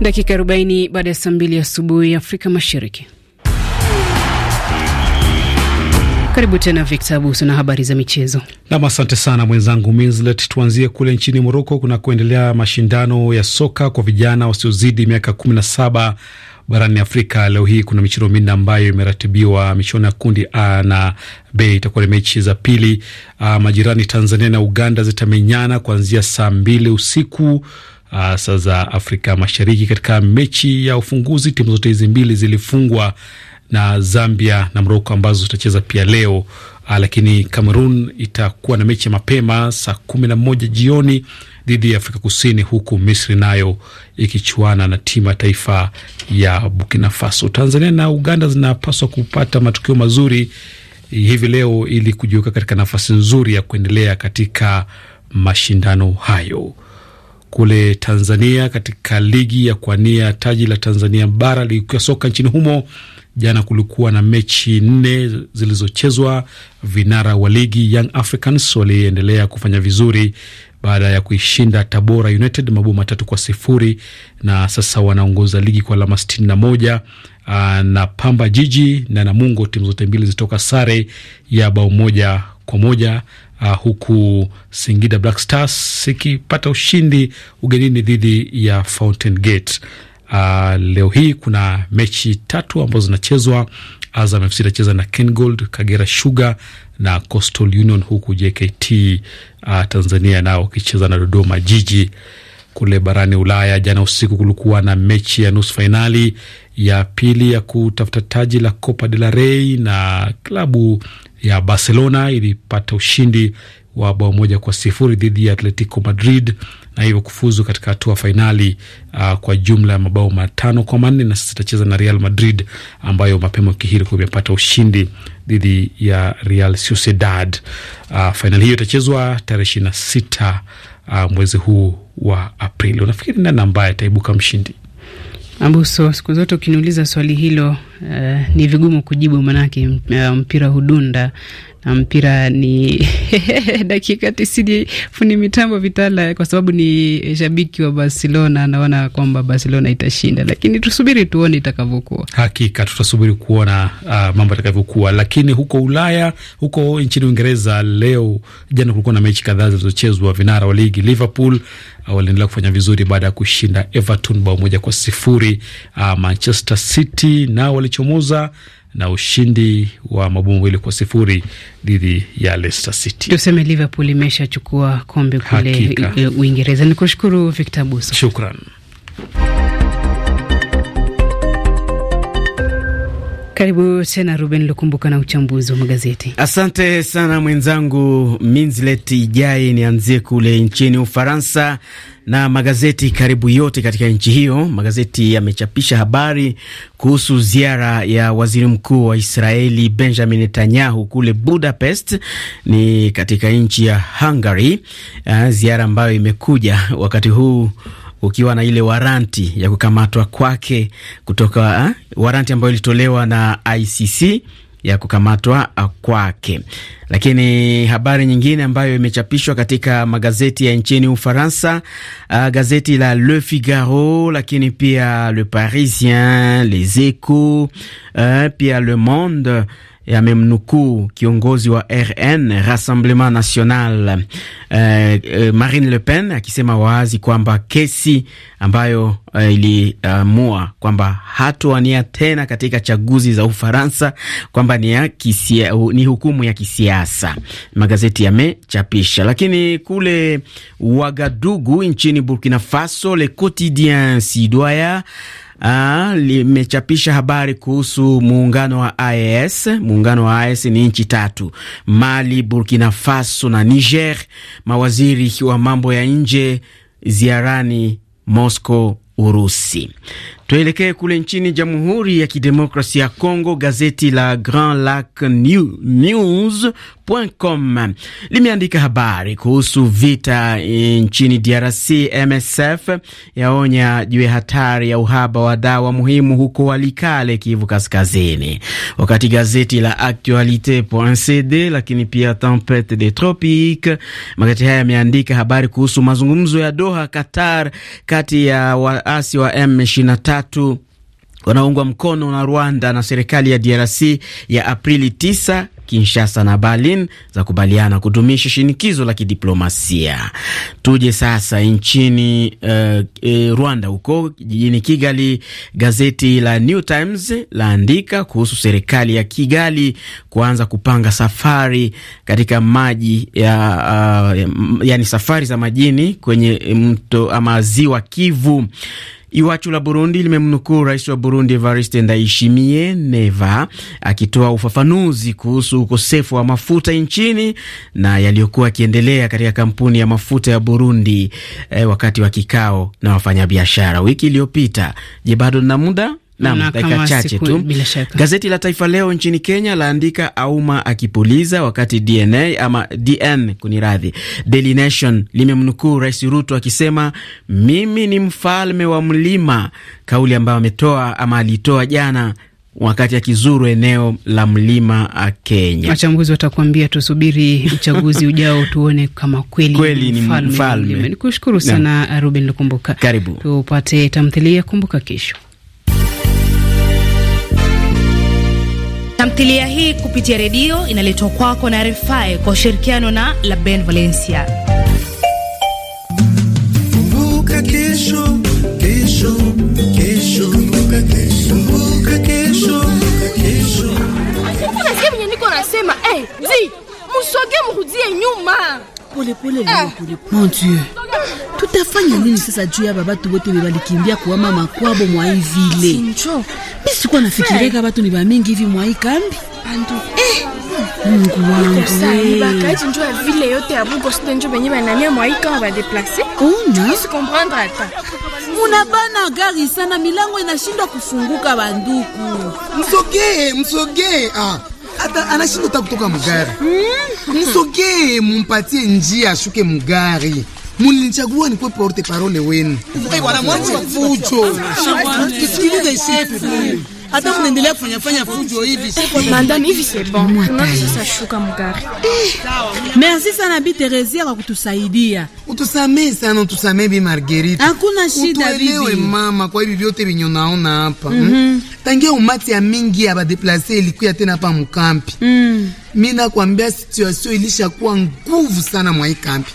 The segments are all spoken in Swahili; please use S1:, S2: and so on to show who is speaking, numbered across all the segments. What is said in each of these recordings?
S1: Dakika 40 baada ya saa mbili asubuhi Afrika Mashariki. Karibu tena Victor Abuso na habari za michezo.
S2: Nam, asante sana mwenzangu Minslet. Tuanzie kule nchini Moroko kuna kuendelea mashindano ya soka kwa vijana wasiozidi miaka kumi na saba barani Afrika. Leo hii kuna michuano minne ambayo imeratibiwa. Michuano ya kundi A na B itakuwa ni mechi za pili. A, ah, majirani Tanzania na Uganda zitamenyana kuanzia saa mbili usiku uh, saa za Afrika Mashariki. Katika mechi ya ufunguzi timu zote hizi mbili zilifungwa na Zambia na Moroko ambazo zitacheza pia leo. Uh, lakini Cameroon itakuwa na mechi ya mapema saa kumi na moja jioni dhidi ya Afrika Kusini, huku Misri nayo ikichuana na timu ya taifa ya Burkina Faso. Tanzania na Uganda zinapaswa kupata matokeo mazuri hivi leo ili kujiweka katika nafasi nzuri ya kuendelea katika mashindano hayo kule Tanzania katika ligi ya kuania taji la Tanzania bara ya soka nchini humo. Jana kulikuwa na mechi nne zilizochezwa. Vinara wa ligi Young Africans waliendelea kufanya vizuri baada ya kuishinda Tabora United mabao matatu kwa sifuri na sasa wanaongoza ligi kwa alama sitini na moja na Pamba Jiji na Namungo, timu zote mbili zitoka sare ya bao moja kwa moja uh, huku Singida Black Stars ikipata ushindi ugenini dhidi ya Fountain Gate. Uh, leo hii kuna mechi tatu ambazo zinachezwa. Azam FC itacheza na Kengold, Kagera Sugar na Coastal Union, huku JKT uh, ah, Tanzania nao wakicheza na Dodoma Jiji. Kule barani Ulaya jana usiku kulikuwa na mechi ya nusu fainali ya pili ya kutafuta taji la Copa del Rey na klabu ya Barcelona ilipata ushindi wa bao moja kwa sifuri dhidi ya Atletico Madrid na hivyo kufuzu katika hatua fainali uh, kwa jumla ya mabao matano kwa manne na sasa itacheza na Real Madrid ambayo mapema wiki hii imepata ushindi dhidi ya Real Sociedad. Uh, fainali hiyo itachezwa tarehe ishirini na sita uh, mwezi huu wa Aprili. Unafikiri nani ambaye ataibuka mshindi?
S1: Abuso, siku zote ukiniuliza swali hilo uh, ni vigumu kujibu, manake eh, mpira hudunda na ah, mpira ni dakika tisini. Funi mitambo Vitala, kwa sababu ni eh, shabiki wa Barcelona, anaona kwamba Barcelona itashinda, lakini tusubiri tuone itakavyokuwa.
S2: Hakika tutasubiri kuona uh, mambo yatakavyokuwa. Lakini huko Ulaya, huko nchini Uingereza, leo jana kulikuwa na mechi kadhaa zilizochezwa. Vinara wa ligi Liverpool ah, waliendelea kufanya vizuri baada ya kushinda Everton bao moja kwa sifuri. Uh, Manchester City nao walichomoza na ushindi wa mabao mawili kwa sifuri dhidi ya Leicester City. Tuseme
S1: Liverpool imeshachukua kombe kule Uingereza. Ni kushukuru Victor Buso, shukran. Karibu tena Ruben Lukumbuka na uchambuzi wa magazeti.
S3: Asante sana mwenzangu Minzlet ijai Nianzie kule nchini Ufaransa na magazeti karibu yote katika nchi hiyo, magazeti yamechapisha habari kuhusu ziara ya waziri mkuu wa Israeli Benjamin Netanyahu kule Budapest, ni katika nchi ya Hungary, ah, ziara ambayo imekuja wakati huu ukiwa na ile waranti ya kukamatwa kwake kutoka eh, waranti ambayo ilitolewa na ICC ya kukamatwa eh, kwake. Lakini habari nyingine ambayo imechapishwa katika magazeti ya nchini Ufaransa, uh, gazeti la Le Figaro, lakini pia Le Parisien, Les Echos, uh, eh, pia Le Monde yamemnukuu kiongozi wa RN Rassemblement National eh, eh, Marine Le Pen akisema wazi kwamba kesi ambayo eh, iliamua uh, kwamba hatowania tena katika chaguzi za Ufaransa kwamba ni, ya kisia, ni hukumu ya kisiasa magazeti yamechapisha. Lakini kule Wagadugu nchini Burkina Faso Le Quotidien Sidoya Aa, ah, limechapisha habari kuhusu muungano wa AES. Muungano wa AES ni nchi tatu: Mali, Burkina Faso na Niger. Mawaziri wa mambo ya nje ziarani Moscow, Urusi. Tuelekee kule nchini Jamhuri ya Kidemokrasia ya congo Gazeti la Grand Lac News com limeandika habari kuhusu vita e, nchini DRC. MSF yaonya juu ya hatari ya uhaba wa dawa muhimu huko Walikale, Kivu Kaskazini, wakati gazeti la CD lakini pia Tempete de Tropiques, magazeti haya yameandika habari kuhusu mazungumzo ya Doha, Qatar, kati ya waasi wa M23 tatu wanaungwa mkono na Rwanda na serikali ya DRC ya Aprili 9 Kinshasa na Berlin za kubaliana kudumisha shinikizo la kidiplomasia. Tuje sasa nchini uh, e, Rwanda, huko jijini Kigali, gazeti la New Times laandika kuhusu serikali ya Kigali kuanza kupanga safari katika maji ya, uh, yani safari za majini kwenye mto ama ziwa Kivu. Iwachu la Burundi limemnukuu rais wa Burundi Evariste Ndayishimiye Neva akitoa ufafanuzi kuhusu ukosefu wa mafuta nchini na yaliyokuwa yakiendelea katika kampuni ya mafuta ya Burundi eh, wakati wa kikao na wafanyabiashara wiki iliyopita. Je, bado na muda na dakika chache tu. Gazeti la Taifa Leo nchini Kenya laandika Auma akipuliza wakati DNA ama DN kuniradhi. Daily Nation limemnukuu Rais Ruto akisema mimi ni mfalme wa mlima, kauli ambayo ametoa ama alitoa jana wakati akizuru eneo la mlima a Kenya.
S1: Wachambuzi watakuambia tusubiri uchaguzi ujao tuone kama kweli, kweli ni mfalme. Nikushukuru sana Ruben Lukumbuka. Karibu tupate tamthilia Kumbuka kesho. Tamthilia hii kupitia redio inaletwa kwako na RFI kwa ushirikiano na La Ben Valencia.
S4: msoge eh, mrudie nyuma. Pole pole, eh. pole. Mon Dieu. Mutafanya nini sasa juu ya babatu wote walikimbia kuama makwabo mwa hii vile? Mimi sikuwa batu ni bamingi hivi mwa kambi. Eh. Mungu wangu. Bakaji eh. njoo vile yote ya Bugo sita njoo benye banania mwa hii kama ba déplacer. Ona? Oh, si comprendre hata. Munabana gari sana milango inashindwa kufunguka banduku.
S5: Msogee, msogee. Ah. Hata anashindwa kutoka mugari. Msogee hmm. mumpatie njia ashuke mugari. Mlinichagua nikuwepo porte parole wenu wanamwanzi wa fujo, tusikilize isifu hata mnaendelea kufanya fanya fujo hivi hivi sasa, shuka mgari. Merci sana Bi Teresia kwa kutusaidia. Utusamee sana, utusamee Bi Marguerite, hakuna shida bibi. Utuelewe mama, kwa hivi vyote vinyo naona hapa hmm? mhm. tangia umati ya mingi ya badeplase ilikuya tena hapa mkampi mm. nakwambia ilishakuwa nguvu sana mwa hii kampi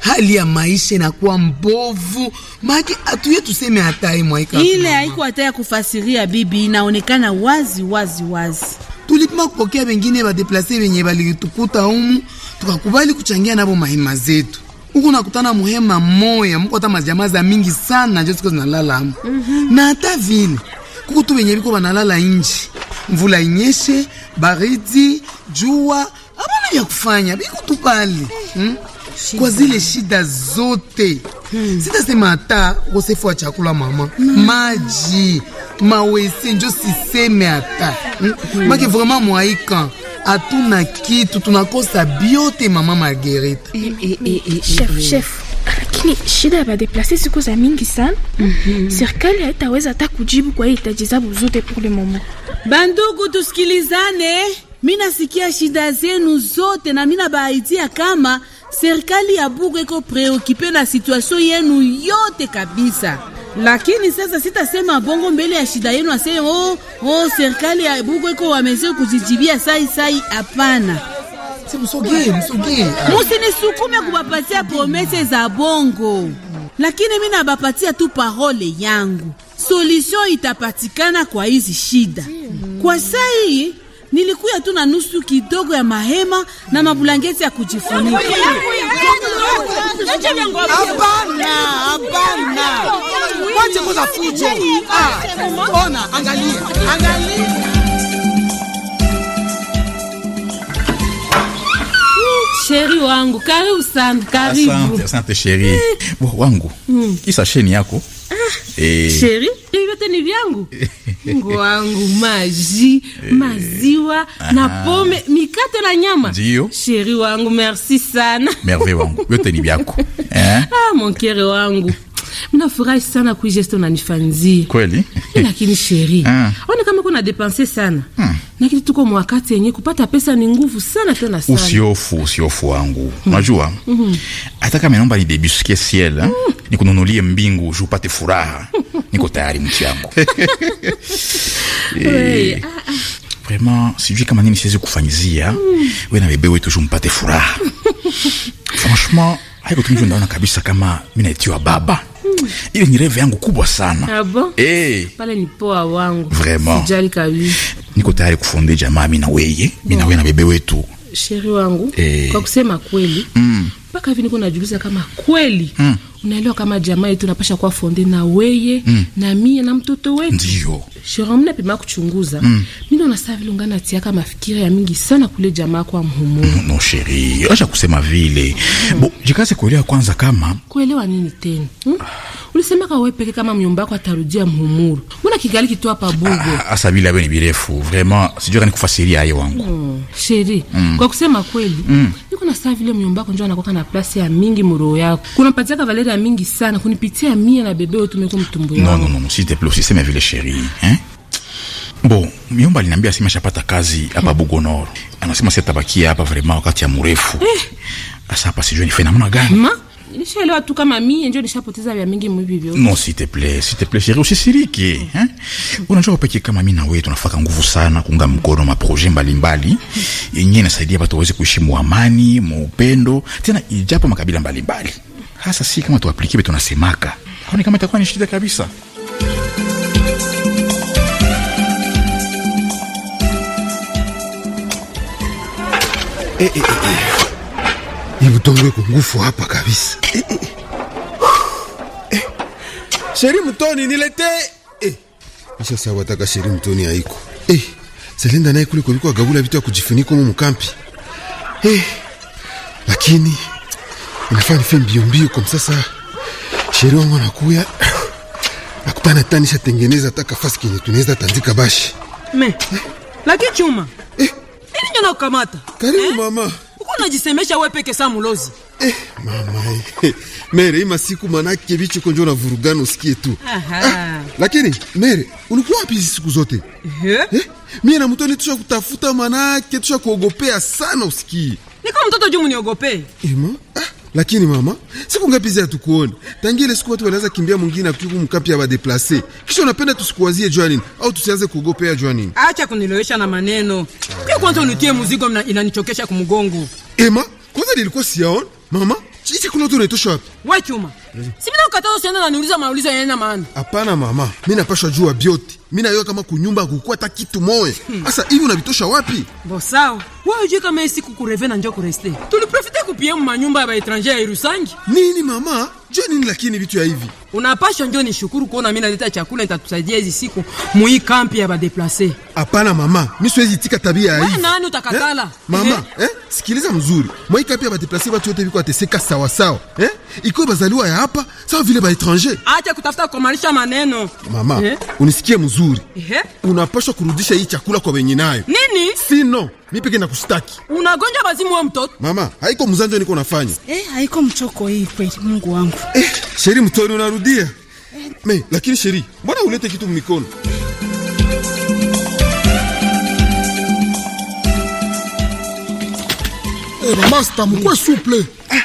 S5: hali ya maisha inakuwa mbovu, maki atuye tuseme hatai mwaika ile haiko
S4: hata ya kufasiria bibi, inaonekana wazi wazi wazi.
S5: Tulipima kupokea wengine badeplase wenye balitukuta umu tukakubali kuchangia nabo mahema zetu huku nakutana muhema moya mko hata majamaa za mingi sana njo ziko zinalala mm -hmm. na hata vile kuko tu wenye biko banalala nje, mvula inyeshe, baridi, jua, abana vya kufanya biko tu pale hmm? shida, kwa zile shida zote hmm. Sitasema hata ukosefu wa chakula mama hmm. Maji mawese njo siseme hata hmm. hmm. Make vraiment mwaika hatuna kitu, tunakosa biote mama Marguerite eh, eh, eh, eh, eh chef, chef.
S4: Lakini shida ya badeplase siku za mingi sana mm -hmm. Serikali haitaweza hata kujibu kwa hitaji zao zote pour le moment. Bandugu, tusikilizane minasikia shida zenu zote na minabaahitia kama serikali ya Bugo iko preokipe na situasio yenu yote kabisa, lakini sasa sitasema bongo mbele ya shida yenu aseme oh, oh, serikali ya Bugo iko wameze kujijibia sai sai. Hapana, msogee musinisukume kubapatia promese za bongo, lakini mi nabapatia tu parole yangu, solution itapatikana kwa hizi shida kwa sai nilikuya tu na nusu kidogo ya mahema na mabulangeti ya kujifunika. Hapana, hapana, wacha kuza fujo. Ah, ona, angalia, angalia Sheri wangu, karibu sana, karibu. Asante,
S6: asante sheri. Eh. Wangu, Kisa hmm. sheni yako eh.
S4: Sheri, yote ni vyangu ngwangu, maji eh. maziwa na pome mikate na nyama. Ndio sheri wangu, merci sana.
S6: Merve wangu, yote ni vyako eh?
S4: Ah, monkere wangu mimi nafurahi sana kui geste unanifanzia
S6: kweli, lakini sheri ah.
S4: Ona kama kuna depense sana hmm. Ah. Na kitu tuko mwakati yenye kupata pesa ni nguvu sana tena sana.
S6: Usiofu usiofu wangu unajua mm. hmm hata -hmm. kama naomba nidebusikie ciel mm. nikununulie mbingu upate furaha niko tayari mtu yangu e, vraiment sijui kama nini siwezi kufanyizia mm. we na bebe wetu jumpate furaha franchement haiko tunjua ndaona kabisa kama mi naitiwa baba Hmm. Ile ni reve yangu kubwa sana. Ah bon? Hey. Eh.
S4: Pale ni poa wangu. Vraiment. Sijali kabisa.
S6: Niko tayari kufonde jamaa mimi na wewe, mimi na wewe na bebe wetu.
S4: Sheri wangu. Hey. Eh. Kwa kusema kweli, mm. mpaka mm. hivi niko najiuliza kama kweli mm unaelewa kama jamaa yetu napasha kuwa fonde na weye mm. na mie na mtoto wetu ndio shiromna pima kuchunguza mm. mimi naona sasa vile ungana kama fikira ya mingi sana kule jamaa kwa mhumu no,
S6: mm, no sheri acha kusema vile mm. bo jikase kuelewa kwanza kama
S4: kuelewa nini tena mm? ulisema kwa wewe peke kama mnyumba yako atarudia mhumuru mbona kigali kitoa pa bugo ah,
S6: asa bila wewe ni birefu vraiment sijui kani kufasiria hayo wangu
S4: mm. sheri mm. kwa kusema kweli mm kuna saa vile mnyumba yako njo anakoka na plasi ya mingi muroho yako kunampatiaka valere ya mingi sana kunipitia mie na bebe otu meko mtumbu yao. Non, non,
S6: non, si te plo, usiseme vile sheri eh? Bo, miomba aliniambia asema shapata kazi hapa hmm. Bugonoro. anasema si atabakia hapa vrema wakati ya mrefu eh. Asa hapa sijue nifanye namna gani ma?
S4: Nishaelewa tu kama mimi ndio nishapoteza vya mingi mwivi vyote. Non,
S6: s'il te plaît, s'il te plaît chérie, usisiriki, hein. Unajua pekee kama mimi na wewe tunafaka nguvu sana kuunga mkono ma projet mbalimbali yenyewe inasaidia watu waweze kuishi mu amani, mu upendo, tena ijapo makabila mbalimbali. Hasa si kama tuaplikie tunasemaka. Kwani kama itakuwa ni shida kabisa.
S7: Eh, eh, eh. eh nimtongwe kwa nguvu hapa kabisa. Sheri Mtoni nilete eh. Isha saa wataka Sheri Mtoni haiko eh. selinda naye kule kuliko agabula vitu ya kujifunika mu mkampi eh. Lakini inafaa nifie mbio mbio kwa msasa. Sheri wangu anakuya akupana tanisha tengeneza taka fasi kenye tunaweza tandika bashi
S4: me eh. Lakini chuma eh. eh. Nini
S7: nyana kukamata karibu eh? mama unajisemesha wewe peke saa mulozi eh, mama eh, mere ima siku manake vichuko njo vurugano usikie tu ah, lakini mere ulikuwa wapi siku zote eh? Eh, mie na mtoni tusha kutafuta manake tusha kuogopea sana usikii
S4: niko mtoto juu muniogopee
S7: ima ah lakini mama, siku ngapi zia tukuone tangile siku watu walianza kimbia mwingine akitu mkapi aba deplace. Kisha unapenda tusikuwazie jua nini au tusianze kuogopea jua nini?
S4: Acha kunilowesha na maneno. Pia kwanza unitie
S7: mzigo inanichokesha kumgongo. Ema, kwanza nilikuwa siaona. Mama, Chichi kuna tuna itosha wapi? Wewe chuma. Hmm. Si mimi nakataza usiende na niuliza maulizo yana maana. Hapana mama, mimi napashwa jua biote mi nayo kama kunyumba kukua hata kitu moye sasa hivi unavitosha wapi bosao wajui kama hii siku kureve na njo kureste tuliprofite kupie manyumba ya baetranje ya irusangi nini mama Je, nini lakini vitu ya hivi unapasha njo ni shukuru kuona mi naleta chakula nitatusaidia hizi siku muii kampi ya badeplase Hapana mama, mimi siwezi tika tabia hii.
S4: Nani utakatala? Eh? Mama,
S7: eh? eh sikiliza mzuri. Mwa Mwaika ya bateplace watu yote biko ateseka sawa sawa. Eh? Iko bazaliwa ya hapa, sawa vile ba etranger. Acha kutafuta kumaanisha maneno. Mama, eh? Unisikie mzuri. Eh? Unapaswa kurudisha hii chakula kwa wenye nayo. Nini? Si no. Mimi peke nakushtaki.
S4: Unagonja bazimu wa mtoto.
S7: Mama, haiko mzanjo niko nafanya.
S4: Eh, haiko mchoko hii
S1: kweli Mungu wangu. Eh,
S7: sheri mtori unarudia. Eh. Me, lakini sheri, mbona ulete kitu
S8: mikono? Eh. Bwana master mkwe suple. Ah.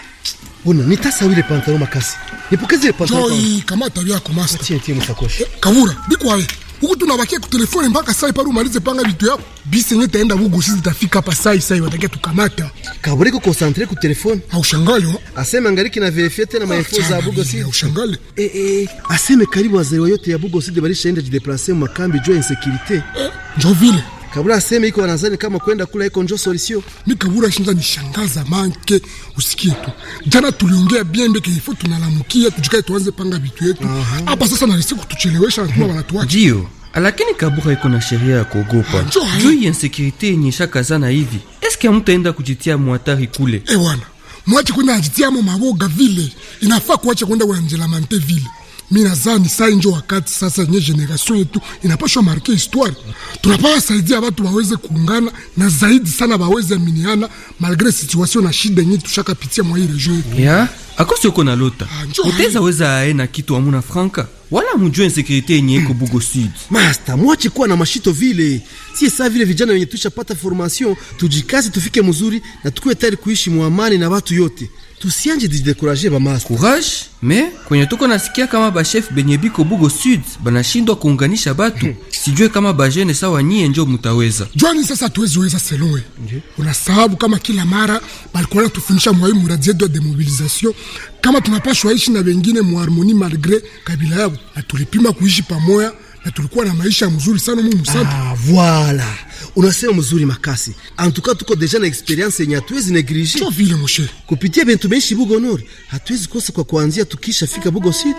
S8: Bwana nitasa ile pantalon makasi. Nipokeze ile pantalon. Joy kama tabia yako master. Tie tie msakoshi. Kavura biko wewe. Huku tunabakia ku telefone mpaka sai paru malize panga vitu yako. Bisi yenyewe taenda huko sisi tafika hapa sai sai watakia tukamata. Kabure ko concentrate ku telefone. Haushangali. Aseme angaliki na VFT na maefo za Bugo Sud. Haushangali. Eh eh. Aseme karibu wazaliwa yote ya Bugo Sud balishaenda jideplacer makambi juu ya insecurite. Eh, ndio vile. Kabura aseme iko wanazani kama kwenda kula iko njo solution. Mi Kabura shinza nishangaza manke, usikie tu. Jana tuliongea bien biende kifo tunalamukia tujikae tuanze panga vitu yetu. Hapa sasa na risiko tuchelewesha kwa hmm. wanatuacha. Ndio. Lakini Kabura iko na sheria ya kuogopa. Ah, Juu ya insecurity yenye shakazana
S7: hivi. Eske mtu aenda kujitia muhatari kule? Eh,
S8: wana. Mwache kwenda ajitia mo maboga vile. Inafaa kuacha kwenda wanjelamante vile mi nazani saa injo wakati sasa enye generation yetu inapashwa marke histoire, tunapaa saidia watu waweze kuungana na zaidi sana waweze aminiana malgre situation na shida yenye tushakapitia mwa hii region yetu yeah. Akosi uko na lota uteza weza aye na kitu amuna franka wala mujue insekurite yenye eko Bugo Sud. Masta mwache kuwa na mashito vile, si saa vile vijana wenye tushapata formation tujikaze, tufike mzuri na tukuwe tayari kuishi muamani na watu yote tusianje jidekuraje
S7: ba courage. Me kwenye tuko nasikia kama bashefu benye biko Bugo Sud banashindwa kuunganisha batu hmm. Sijue kama bajene sawa nyie njo mutaweza
S8: jwani sasa, tuweziweza seloe hmm. Unasababu kama kila mara balikuwa tufundisha mwai murajedo de mobilisation kama tunapashwa ishi na wengine muharmoni malgre kabila yabo, na tulipima kuishi pamoja na tulikuwa na maisha mzuri sana Mungu Ah, voilà unasema mzuri Makasi, antuka tuko deja na experience yenye hatuwezi negrije Sio vile mshe, kupitia bintu benshi Bugo Nord hatuwezi kosa kwa kuanzia, tukisha fika Bugo sidi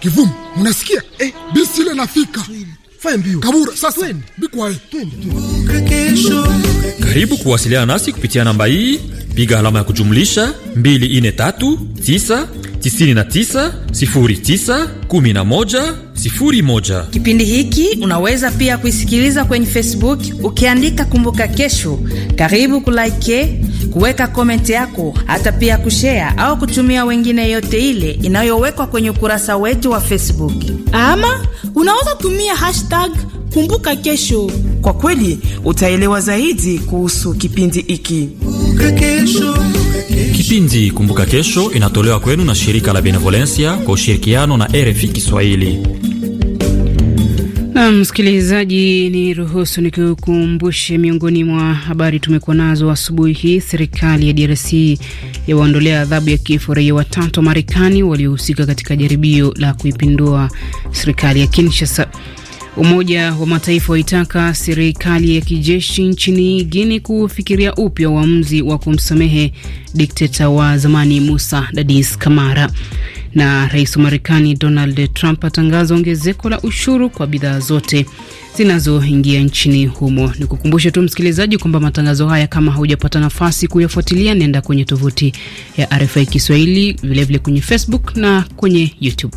S8: Kivumu, munasikia eh? eh. Bisi ile nafika Faya mbio. Kabura, sasa. Twende. Bikwae. Twende.
S2: Karibu kuwasiliana nasi kupitia namba hii. Piga alama ya kujumlisha 243 9 99 09 11
S1: Kipindi hiki unaweza pia kuisikiliza kwenye Facebook ukiandika Kumbuka Kesho. Karibu kulike, kuweka komenti yako, hata pia kushea au kutumia wengine yote ile inayowekwa kwenye ukurasa wetu wa Facebook, ama unaweza tumia hashtag Kumbuka Kesho. Kwa kweli utaelewa zaidi kuhusu
S4: kipindi
S5: hiki.
S2: Kipindi Kumbuka Kesho inatolewa kwenu na shirika la Benevolencia kwa ushirikiano na RFI Kiswahili
S1: msikilizaji, ni ruhusu nikukumbushe miongoni mwa habari tumekuwa nazo asubuhi hii. Serikali ya DRC yawaondolea adhabu ya kifo raia watatu wa Marekani waliohusika katika jaribio la kuipindua serikali ya Kinshasa. Umoja wa Mataifa waitaka serikali ya kijeshi nchini Guini kufikiria upya uamuzi wa kumsamehe dikteta wa zamani Musa Dadis Kamara na rais wa Marekani Donald Trump atangaza ongezeko la ushuru kwa bidhaa zote zinazoingia nchini humo. Ni kukumbushe tu msikilizaji kwamba matangazo haya, kama haujapata nafasi kuyafuatilia, nenda kwenye tovuti ya RFI Kiswahili, vilevile kwenye Facebook na kwenye YouTube.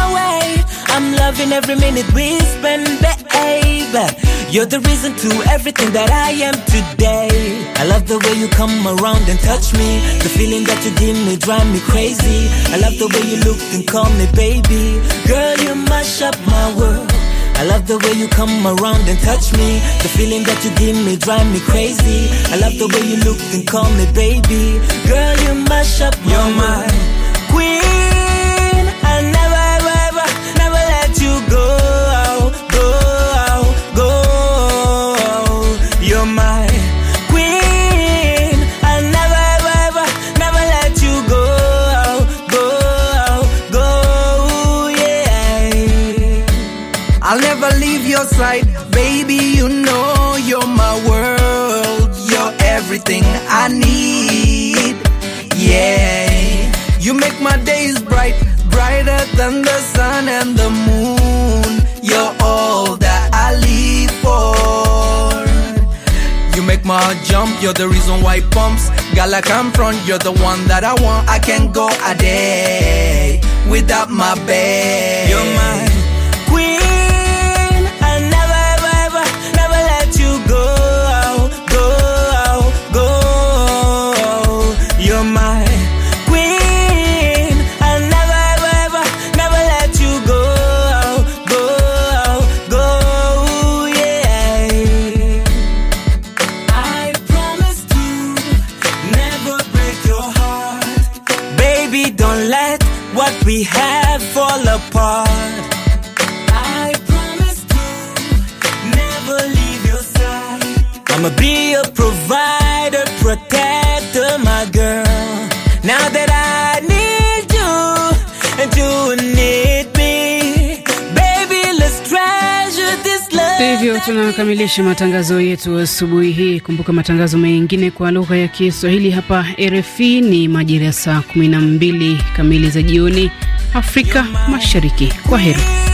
S9: I'm loving every minute we spend, babe. You're the reason to everything that I am today. I love the way you come around and touch me. The feeling that you give me drive me crazy. I love the way you look and call me baby. Girl, you mash up my world. I love the way you come around and touch me. The feeling that you give me drive me crazy. I love the way you look and call me baby. Girl, you mash up my You're my queen. brighter than the sun and the moon. You're all that I live for. You make my heart jump, you're the reason why it pumps. Got like I'm from, you're the one that I want. I can't go a day without my babe. I'ma be a provider, protector, my girl. Now that I need you and
S1: you need me,
S9: baby, let's treasure this
S1: love. Hivyo tunakamilisha matangazo yetu asubuhi hii. Kumbuka matangazo mengine kwa lugha ya Kiswahili hapa RFI ni majira ya saa 12 kamili za jioni Afrika Mashariki. Kwa heri.